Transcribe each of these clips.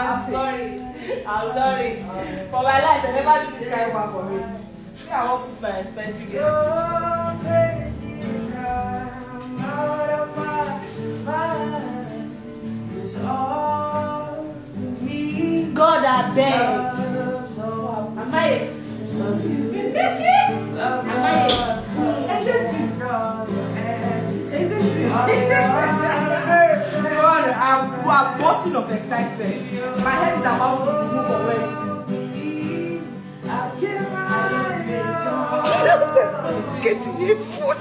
I'm sorry. I'm sorry. For my life, I never do this kind of one for me. See, I won't put my expensive gift. God, God, I beg. I'm bursting of excitement. My head is about to move from where it is. I'm getting your food.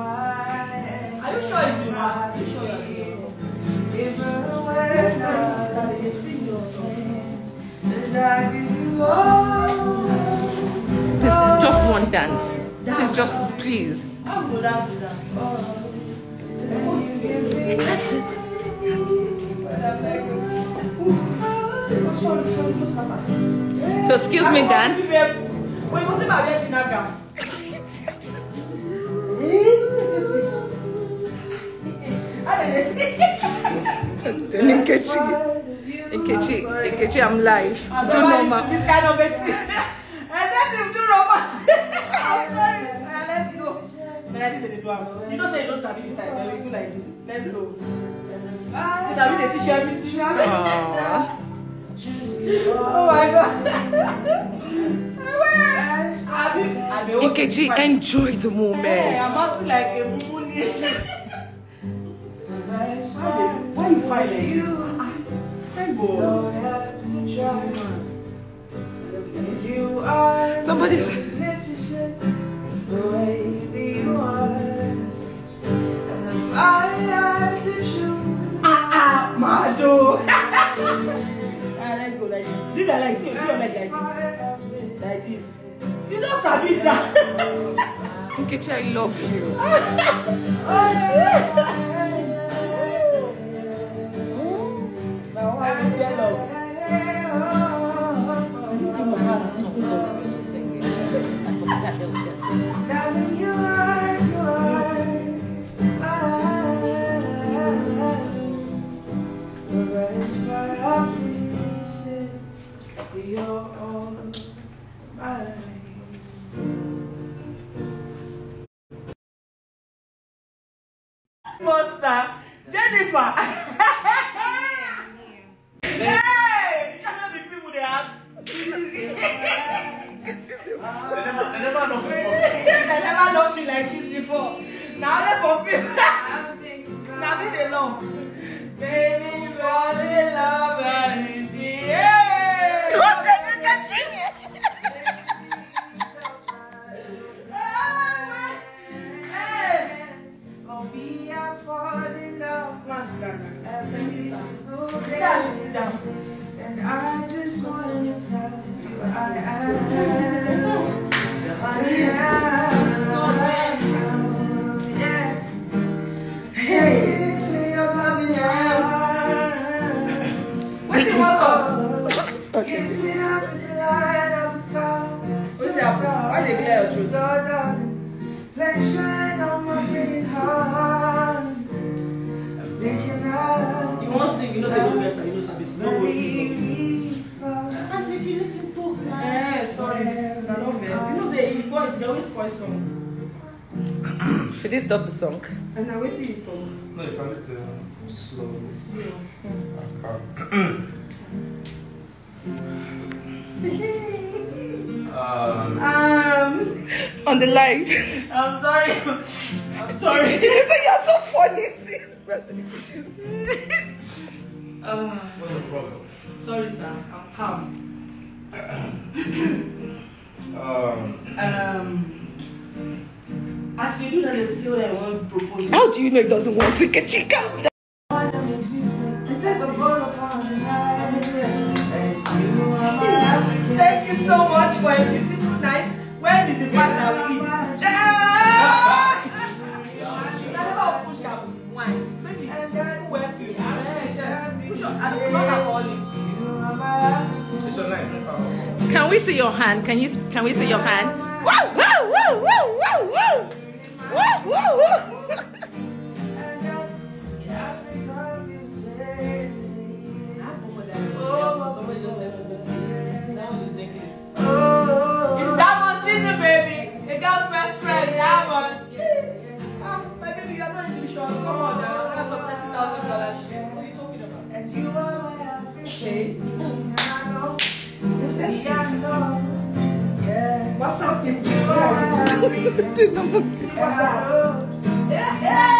Are you sure it's not? Are you sure it's not? you sing your song. Please, just one dance. Please, just please. How would down, do that? Classic. So excuse me, dance. Nkechi, Nkechi, Nkechi, I'm live. Do normal. This kind of him do I'm sorry. Let's go. You don't say you don't sabi the time. like this. Let's go. C'est David et si je suis un petit Oh my god. Ikeji, enjoy the moment. I'm é, acting like a mummuni. Why are you fighting? You. Somebody's. Nkechi, I love you. Your own. poster. Jennifer. Саша, spoil song. Should they stop the song? And now wait till you talk. No, you can do it slow. Slow. um, um, on the line. I'm sorry. I'm sorry. you say you're so funny. What's the problem? Sorry, sir. I'm calm. um. Um. As you do that, you'll see what I want to propose. How do you know it doesn't want to get you calm down? Thank you so much for a beautiful night. When is the part that we eat? Ah! Can we see your hand? Can you can we see your hand? Woo, woo, woo, woo, woo, woo. Woo, woo, woo. you're Come on now, that's thirty thousand dollars. What talking about? And you are my everything. And I know. This is. the end. know. Hindi na mag... What's up? Yeah!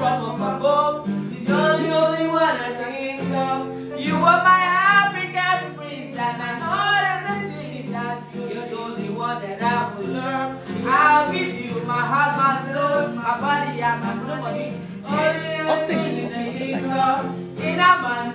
From above, you're the only one I think of. You are my African prince, and I know there's a feeling that you're the only one that I will I'll give you my heart, my soul, my body, and my in our mind.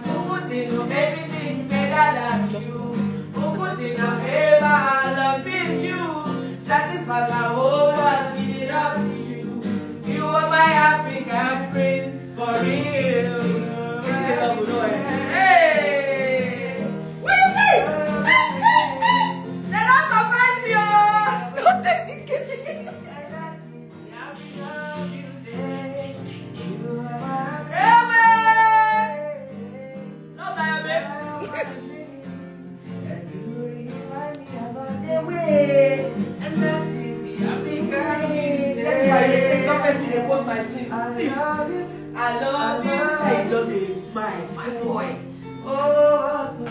my teeth. I love you. I love you. I love you. Smile. my boy. Oh,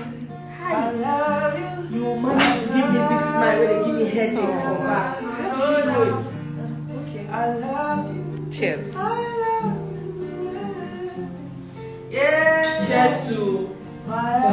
I love you. You managed to give me a big smile when they give me headache for from oh, back. How did you do it? Okay. I love you. Cheers. I love you. Yeah. Cheers to my